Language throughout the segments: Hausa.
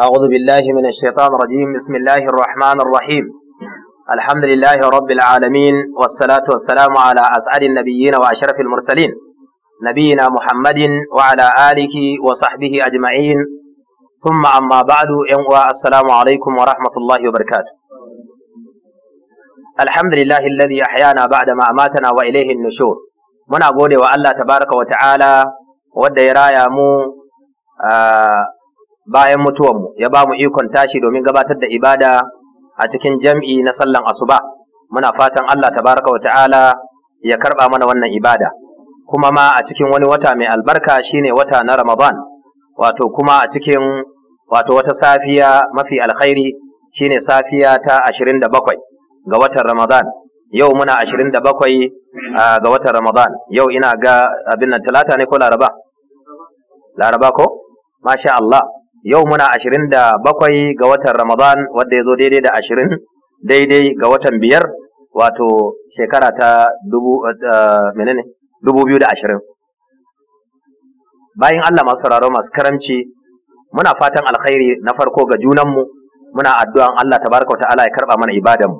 أعوذ بالله من الشيطان الرجيم بسم الله الرحمن الرحيم الحمد لله رب العالمين والصلاة والسلام على أسعد النبيين وأشرف المرسلين نبينا محمد وعلى آله وصحبه أجمعين ثم أما بعد السلام عليكم ورحمة الله وبركاته الحمد لله الذي أحيانا بعد ما أماتنا وإليه النشور من أقول وألا تبارك وتعالى ودي ta'ala مو آه، bayan mutuwanmu ya ba mu ikon tashi domin gabatar da ibada a cikin jam'i na sallan asuba muna fatan Allah tabaraka wa ta'ala ya karɓa mana wannan ibada kuma ma a cikin wani wata mai albarka shine wata na Ramadan wato kuma a cikin wato wata safiya mafi alkhairi shine safiya ta 27 ga watan Ramadan yau muna 27 ga watan Ramadan yau ina ga abin nan talata ne ko laraba laraba ko masha Allah yau muna ashirin da bakwai ga watan Ramadan wadda ya zo daidai da ashirin daidai ga watan biyar wato shekara ta eh, dubu biyu da ashirin. Bayan Allah masu sauraro masu karamci muna fatan alkhairi na farko ga junanmu muna addu'an Allah ta wa ta'ala ya karɓa mana ibadanmu.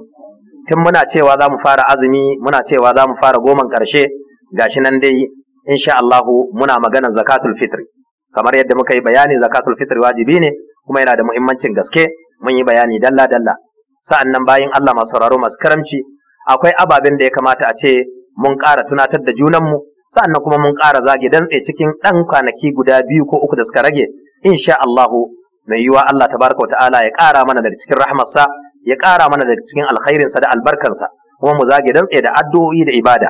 Tun muna cewa za mu fara azumi muna cewa za mu fara goman ƙarshe gashi nan dai insha Allahu muna maganar zakatul fitri. kamar yadda muka yi bayani zakatul fitr wajibi ne kuma yana da muhimmancin gaske mun yi bayani dalla dalla sa'an nan bayan Allah masu sauraro masu karamci akwai ababen da ya kamata a ce mun ƙara tunatar da junanmu sa'an nan kuma mun ƙara zage dantse cikin ɗan kwanaki guda biyu ko uku da suka rage insha Allahu mai yiwa Allah tabaraka wa ta'ala ya ƙara mana daga cikin rahmarsa ya ƙara mana daga cikin alkhairinsa da albarkansa kuma mu zage dantse da addu'o'i da ibada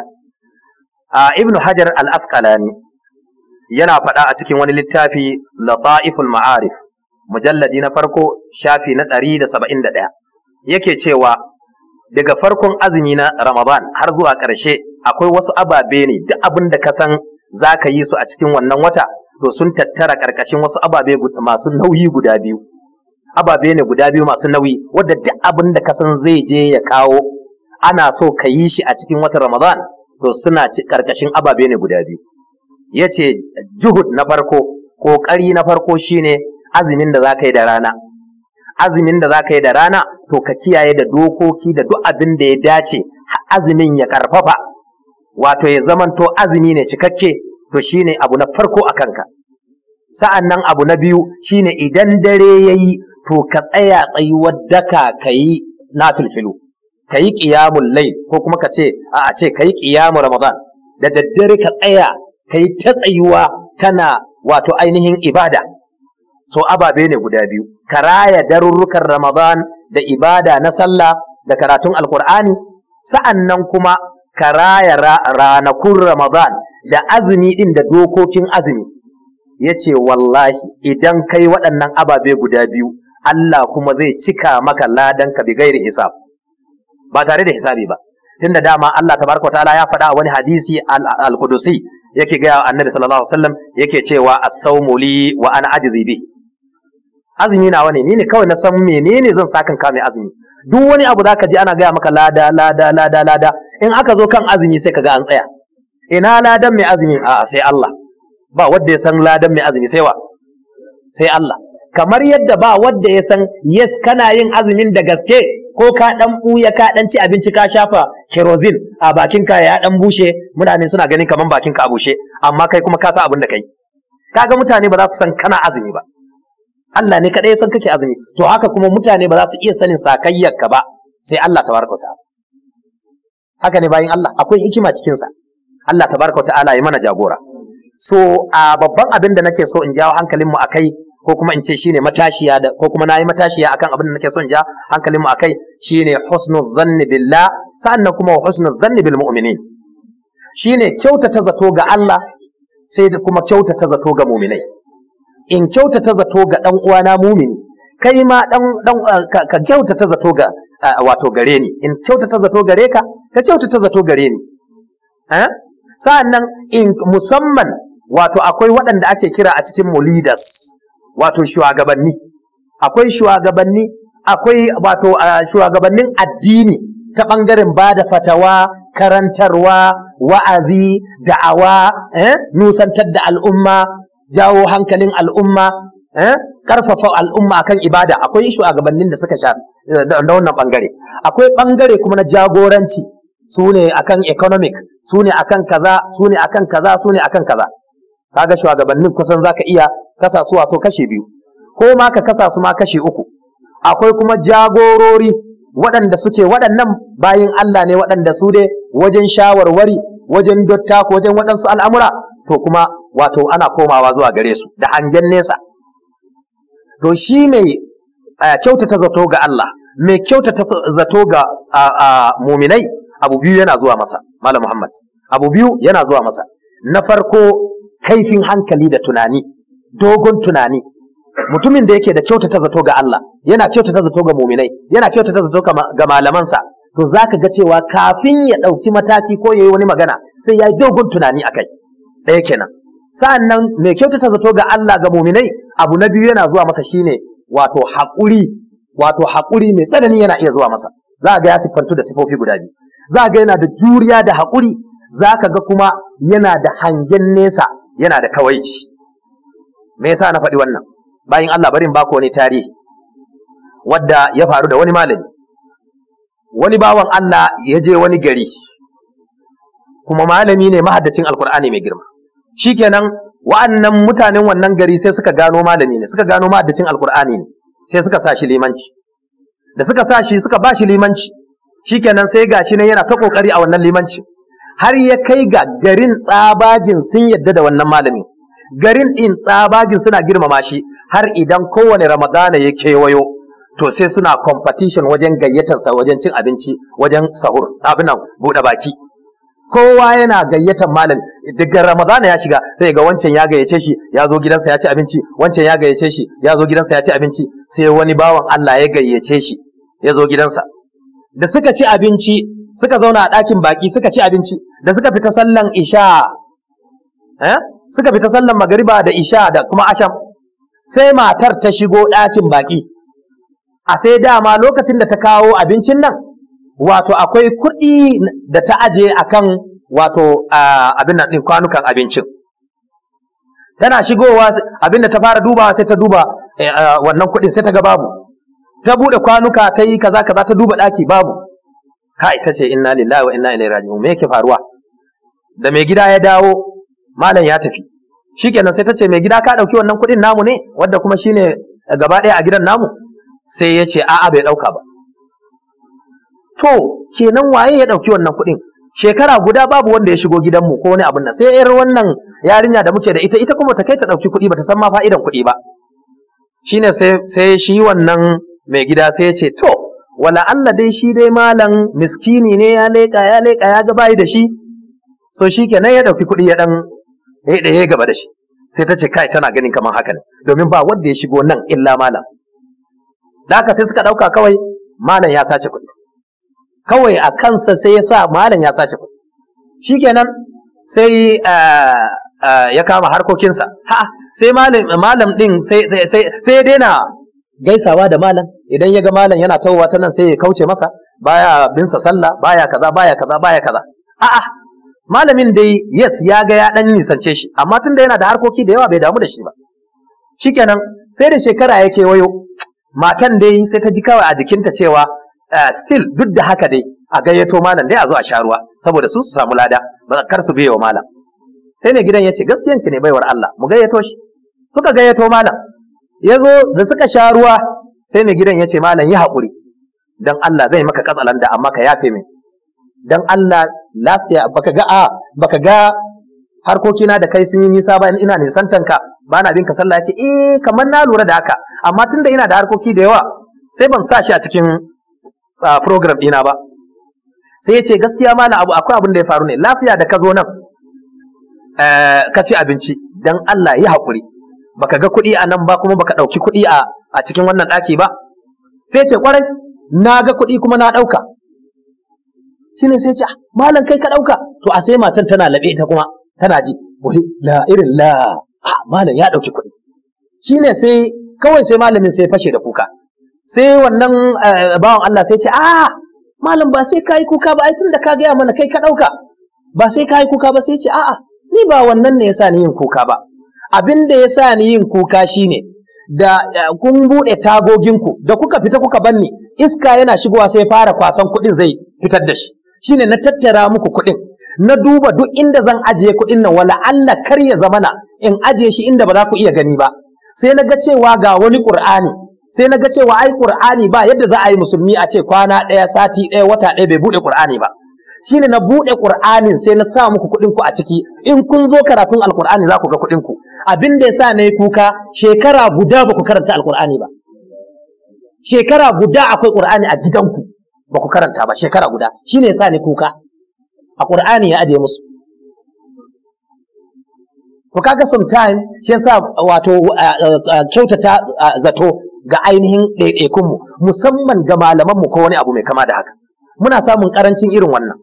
a ibnu hajar al-asqalani yana faɗa a cikin wani littafi Lata'iful Ma'arif mujalladi na farko shafi na ɗari da saba'in ɗaya. yake cewa daga farkon azumi na Ramadan har zuwa ƙarshe akwai wasu ababe ne duk abin da ka san za ka yi su a cikin wannan wata to sun tattara ƙarƙashin wasu ababe masu nauyi guda biyu ababe ne guda biyu masu nauyi wadda duk abin da ka san zai je ya kawo ana so ka yi shi a cikin watan Ramadan to suna ƙarƙashin ababe ne guda biyu ya ce juhud na farko ƙoƙari na farko shine azumin da za ka yi da rana azumin da za ka yi da rana to ka kiyaye da dokoki da duk abin da ya dace azumin ya karfafa wato ya zamanto azumi ne cikakke to shine abu na farko a kanka Sa'annan abu na biyu shine idan dare ya yi to ka tsaya tsayuwar daka ka yi na filfilu ka yi ƙiyamun lai ko kuma ka ce a ce ka yi ƙiyamun ramadan da daddare ka tsaya ka yi ta tsayuwa kana wato ainihin ibada so ababe ne guda biyu ka raya darurrukan ramadan da ibada na sallah da karatun alkur'ani sa'an nan kuma ka raya ranakun ramadan da azumi ɗin da dokokin azumi ya ce wallahi idan kai waɗannan ababe guda biyu Allah kuma zai cika maka ladan ka bi gairi hisab ba tare da hisabi ba Tun da dama Allah tabaraka ta'ala ya faɗa wani hadisi al-Qudusi yake gaya wa annabi sallallahu alaihi wasallam yake cewa as-sawmu li wa ana ajzi bi azumi nawa ne ni ne kawai na san menene zan sakan ka mai azumi duk wani abu zaka ji ana gaya maka lada lada lada lada in aka zo kan azumi sai kaga an tsaya ina ladan mai azumi a sai Allah ba wanda ya san ladan mai azumi sai wa sai Allah kamar yadda ba wadda ya san yes kana yin azumin da gaske ko ka dan buya ka dan ci abinci ka shafa kerosin a bakin ka ya dan bushe mutane suna ganin kaman bakin ka a bushe amma kai kuma ka sa abin da kai kaga mutane ba za su san kana azumi ba Allah ne kadai ya san kake azumi to haka kuma mutane ba za su iya sanin sakayyar ka ba sai Allah tabaraka ta'ala haka ne bayin Allah akwai hikima cikin sa Allah tabaraka ta'ala ya mana jagora so a babban abin da nake so in jawo hankalinmu akai ko kuma in ce shine matashiya da ko kuma nayi matashiya akan abin da nake son ja hankalin mu akai shine husnul zanni billah sannan kuma husnul zanni bil mu'minin shine kyautata zato ga Allah sai da kuma kyautata zato ga mu'minai in kyautata zato ga dan uwana mu'mini kai ma dan dan eh, ka kyautata zato ga eh, wato gare ni in kyautata zato gare ka ka kyautata zato gare ni eh? sa'annan in musamman wato akwai waɗanda ake kira a cikin mu leaders wato shugabanni akwai shugabanni akwai wato shugabannin addini ta ɓangaren ba da fatawa karantarwa wa'azi da'awa eh, nusantar da al'umma jawo hankalin al'umma eh? karfafa al'umma akan ibada akwai shugabannin da suka sha eh, da wannan bangare akwai ɓangare kuma na jagoranci su akan economic su ne akan kaza su akan kaza su akan kaza kaga shugabannin kusan zaka iya kasa su wato kashe biyu ko ma ka kasa su ma kashe uku akwai kuma jagorori waɗanda suke waɗannan bayin Allah ne waɗanda su dai wajen shawarwari wajen dotta ko wajen waɗansu al'amura to kuma wato ana komawa zuwa gare su da hangen nesa to shi mai eh, kyautata zato ga Allah mai kyautata zato ga muminai abu biyu yana zuwa masa malam Muhammad abu biyu yana zuwa masa na farko kaifin hankali da tunani dogon tunani mutumin da yake da kyautata zato ga Allah yana kyautata zato ga muminai yana kyautata zato ga malamansa to zaka ga cewa kafin ya ɗauki mataki ko ya yi wani magana sai ya yi dogon tunani a kai? ɗaya kenan sa'an nan mai kyautata zato ga Allah ga muminai abu na biyu yana zuwa masa shine wato haƙuri wato haƙuri mai tsanani yana iya zuwa masa za ga ya siffantu da sifofi guda biyu za ga yana da juriya da haƙuri za ka ga kuma yana da hangen nesa yana da kawaici me yasa na faɗi wannan bayan Allah barin bako ne tarihi wadda ya faru da wani malami wani bawan Allah ya je wani gari kuma malami ne mahaddacin alkur'ani mai girma shikenan wa'annan mutanen wannan gari sai suka gano malami ne suka gano mahaddacin alkur'ani ne sai suka sa shi limanci da suka sa shi suka ba shi limanci shikenan sai gashi ne yana ta kokari a wannan limancin. har ya kai ga garin tsabagin sun yadda da wannan malamin garin ɗin tsabagin suna girmama shi har idan kowane ramadana ya kewayo to sai suna competition wajen gayyatarsa wajen cin abinci wajen sahur abinan buɗe baki kowa yana gayyatar malam daga ramadana ya shiga sai ga wancan ya gayyace shi ya zo gidansa ya ci abinci wancan ya gayyace shi ya zo gidansa ya ci abinci sai wani bawan Allah ya gayyace shi ya zo gidansa da suka ci abinci suka zauna a ɗakin baƙi suka ci abinci da suka fita sallan isha eh, suka fita sallan magariba da isha da kuma asham sai matar ta shigo ɗakin baƙi. a sai dama lokacin da ta kawo abincin nan wato akwai kuɗi da ta aje akan wato abin nan ɗin kwanukan abincin tana shigowa abin da ta fara duba sai ta duba eh, eh, wannan kuɗin sai ta ga babu ta buɗe kwanuka ta yi kaza kaza ta duba ɗaki babu kai ta ce inna lillahi wa inna ilaihi raji'un me yake faruwa da mai gida ya dawo malam ya tafi shikenan sai ta ce mai gida ka dauki wannan kuɗin namu ne wanda kuma shine gaba ɗaya a gidan namu sai ya ce a'a bai dauka ba to kenan waye ya dauki wannan kuɗin shekara guda babu wanda ya shigo gidanmu ko wani abin nan sai 'yar wannan yarinya da muke da ita ita kuma ta kai ta dauki kuɗi bata san ma fa'idan kuɗi ba shine sai sai shi wannan mai gida sai ya ce to wala Allah dai shi dai malam miskini ne ya leƙa ya leƙa ya ga bayi da shi so shi kenan ya ɗauki kuɗi ya ɗan ya ya gaba da shi sai ta ce kai tana ganin kamar haka ne domin ba wanda ya shigo nan illa malam da haka sai suka ɗauka kawai malam ya sace kuɗi kawai a kansa sai ya sa malam ya sace kuɗi kenan sai eh, eh, ya kama harkokinsa ha sai malam ɗin sai ya daina gaisawa da malam idan ya ga malam yana tawowa ta nan sai ya kauce masa baya binsa sallah baya kaza baya kaza baya kaza a'a malamin dai yes ya ga ya dan nisance shi amma tunda yana da harkoki da yawa bai damu da shi ba shikenan sai da shekara yake wayo matan dai sai ta ji kawai a jikinta cewa eh, still duk da haka dai a gayyato malam dai a zo a sha ruwa saboda su su samu lada ba kar su biye wa malam sai mai gidan ya ce gaskiyanki ne baiwar Allah mu gayyato shi suka gayyato malam ya zo da suka sha ruwa sai mai gidan ya ce malam yi haƙuri don Allah zai maka katsalanda amma ka yafe min don Allah last year baka ga baka ga harkokina da kai sun yi nisa ba ina nisantan ka ba na bin ka sallah ce eh kamar na lura da haka amma tunda ina da harkoki da yawa sai ban sa shi a cikin program ɗina ba sai ya ce gaskiya malam abu akwai abin da ya faru ne lafiya da ka zo nan eh, ka ci abinci don Allah yi haƙuri baka ga kuɗi a nan ba kuma baka ɗauki kuɗi a cikin wannan ɗaki ba sai ce kwarai na ga kuɗi kuma na ɗauka Shi ne sai ce ah, malam kai ka ɗauka to a sai matan tana laɓe ita kuma tana ji wai la irin la malam ya ɗauki kuɗi ne sai kawai sai malamin sai fashe da kuka sai wannan eh, bawan Allah sai ce a ah, malam ba sai yi kuka ba ai tun da ka gaya mana kai ka ɗauka ba sai yi kuka ba sai ce a'a ni ba wannan ne yasa ni yin kuka ba abin da ya sa ni yin kuka shine da eh, kun buɗe tagoginku da kuka fita kuka banni iska yana shigowa sai fara kwasan kuɗin zai fitar da shi shine na tattara muku kuɗin na duba duk inda zan ajiye kuɗin nan wala Allah kar ya zamana in ajiye shi inda ba za ku iya gani ba sai na ga cewa ga wani ƙur'ani sai na ga cewa ai ƙur'ani ba yadda za a yi musulmi a ce kwana ɗaya sati ɗaya wata ɗaya bai buɗe ƙur'ani ba shine na bude Qur'anin sai na sa muku kuɗin ku a ciki in kun zo karatun alqur'ani za ku ga kuɗin ku abin da yasa na kuka shekara guda ba ku karanta alqur'ani ba shekara guda akwai Qur'ani a gidanku ba ku karanta ba shekara guda shine yasa ni kuka a Qur'ani ya aje musu to kaga sometime shi yasa wato kyautata zato ga ainihin ɗaiɗaikunmu musamman ga malamanmu ko wani abu mai kama da haka muna samun ƙarancin irin wannan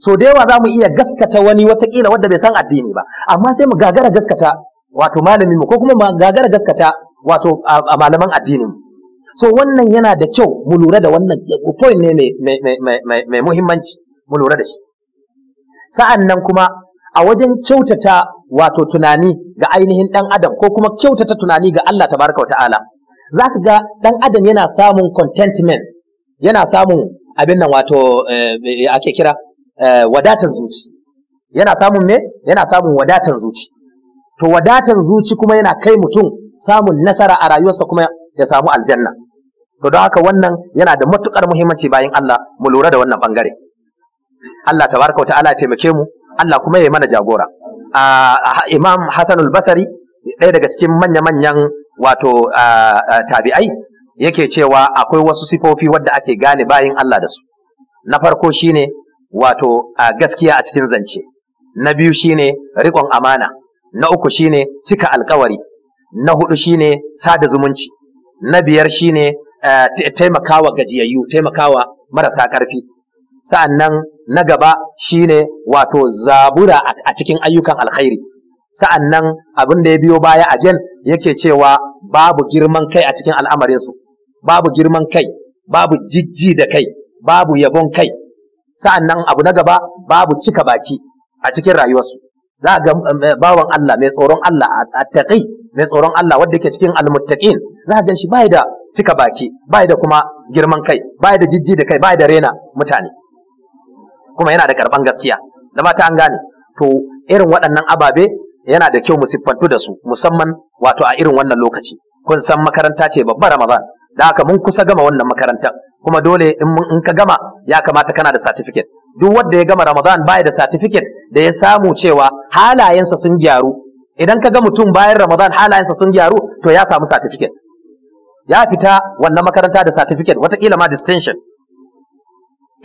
so da yawa za mu iya gaskata wani watakila wadda bai san addini ba amma sai mu gagara gaskata wato malamin mu ko kuma mu gagara gaskata wato a malaman addinin mu so wannan yana da kyau mu lura da wannan point ne mai muhimmanci mu lura da shi sa'an nan kuma a wajen kyautata wato tunani ga ainihin ɗan adam ko kuma kyautata tunani ga Allah tabaraka ta'ala za ka ga ɗan adam yana samun contentment yana samun abin nan wato eh, ake kira Eh, wadatan zuci yana samun me yana samun wadatan zuci to wadatan zuci kuma yana kai mutum samun nasara a rayuwarsa kuma ya samu aljanna to don haka wannan yana da matukar muhimmanci bayan Allah mu lura da wannan bangare Allah tabaraka ta'ala ya taimake mu Allah kuma ya mana jagora Imam Hassanul Basari ɗaya daga cikin manya-manyan wato tabi'ai yake cewa akwai wasu sifofi wadda ake gane bayin Allah da su na farko shine wato a gaskiya a cikin zance na biyu shine rikon amana na uku shine cika alkawari na hudu shine sada zumunci na biyar shine taimakawa gajiyayyu taimakawa marasa ƙarfi sa'annan na gaba shine wato zabura a cikin ayyukan alkhairi sa'annan abin da ya biyo baya a jen yake cewa babu girman kai a cikin al'amarinsu babu girman kai babu jijji da kai babu yabon kai sa'an nan abu na gaba babu cika baki a cikin rayuwarsu za ga eh, eh, bawan Allah mai tsoron Allah a taƙi mai tsoron Allah wadda ke cikin almuttaƙin za ga shi bai da cika baki bai da kuma girman kai bai da jijji da kai bai da rena mutane kuma yana da karban gaskiya da mata an gane to irin waɗannan ababe yana da kyau mu siffantu da su musamman wato a irin wannan lokaci kun san makaranta ce babbar Ramadan da haka mun kusa gama wannan makarantar kuma dole in ka gama ya kamata kana da satifiket. duk wanda ya gama Ramadan baya da satifiket da ya samu cewa halayensa sun gyaru idan ka ga mutum bayan Ramadan halayensa sun gyaru to ya samu certificate ya fita wannan makaranta da satifiket, watakila ma distinction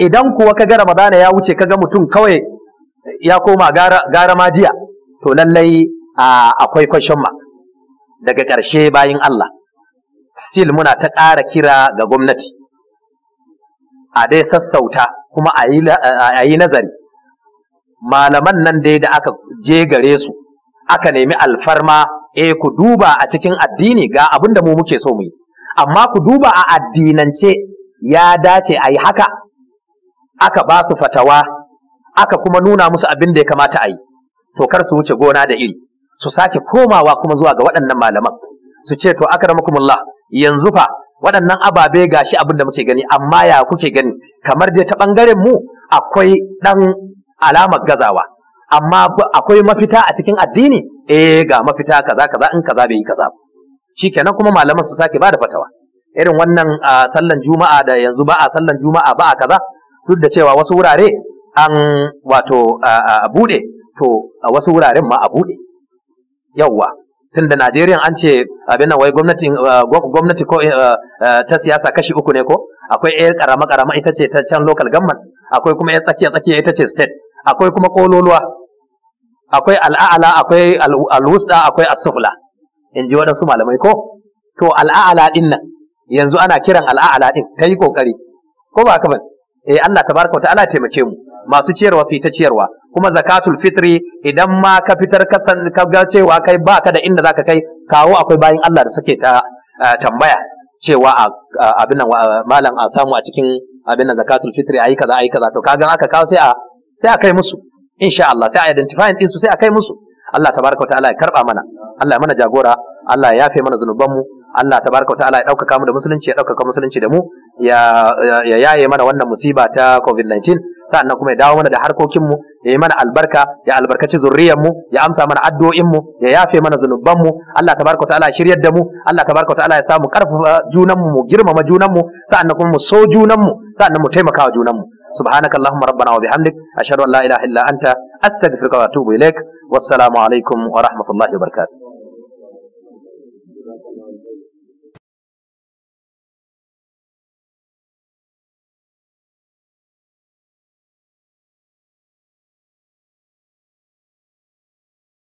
idan kuwa ka ga Ramadan ya wuce ka ga mutum kawai ya koma gara, gara majiya to lallai akwai question ma daga ƙarshe bayin Allah still muna ta ƙara kira ga gwamnati a dai sassauta kuma a yi nazari malaman nan dai da aka je gare su aka nemi alfarma eh ku duba a cikin addini ga abin da mu muke so mu yi amma ku duba a addinance ya dace a yi haka aka ba su fatawa aka kuma nuna musu abin da ya kamata a yi to kar su wuce gona da iri su sake komawa kuma zuwa ga waɗannan malaman su ce to akramakumullah yanzu fa waɗannan ababe gashi abin da muke gani amma ya kuke gani kamar dai ta ɓangaren mu akwai ɗan alamar gazawa amma akwai mafita a cikin addini eh ga mafita kaza kaza in kaza bai yi kaza shikenan kuma malaman su sake bada fatawa irin wannan sallan juma'a da yanzu ba a sallan juma'a ba a kaza duk da cewa wasu wurare an wato a bude to a wasu wuraren ma a bude yawwa tun da Najeriya an ce abin nan wai gwamnati uh, gwamnati ko eh, uh, uh, ta siyasa kashi uku ne ko akwai ƴar karama karama ita ce ta can local government akwai kuma ƴan tsakiya tsakiya ita ce state akwai kuma kololuwa akwai al'a'ala akwai alwusda akwai asufla in ji waɗansu malamai ko to al'a'ala din nan yanzu ana kiran al'a'ala din ta yi kokari ko ba ka ba eh Allah tabaraka ta'ala taimake mu masu ciyarwa su yi ta ciyarwa kuma zakatul fitri idan ma ka fitar kasan ka ga cewa kai ka da inda za ka kai kawo akwai bayan Allah da suke ta eh, tambaya cewa abin nan malam a samu a cikin abin nan zakatul fitri ayi kaza ayi kaza to kaga aka kawo sai a sai a kai musu insha Allah sai a identify din su sai a kai musu Allah tabaraka wa ta'ala ya karba mana Allah ya mana jagora Allah ya yafe mana zanubanmu Allah tabaraka wa ta'ala ya ɗaukaka mu da musulunci ya ɗaukaka musulunci da mu ya yaye mana wannan musiba ta COVID-19 sa'annan kuma ya dawo mana da harkokinmu ya yi mana albarka ya albarkaci zurriyar mu ya amsa mana addu'o'in mu ya yafe mana zunuban mu Allah tabaraka ta'ala shiryar da mu Allah tabaraka ta'ala ya samu karfafa junan mu girmama junan mu sa'annan kuma mu so junan mu sa'annan mu taimakawa junan mu سبحانك اللهم ربنا وبحمدك أشهد أن لا إله إلا أنت أستغفرك وأتوب إليك alaikum wa rahmatullahi wa وبركاته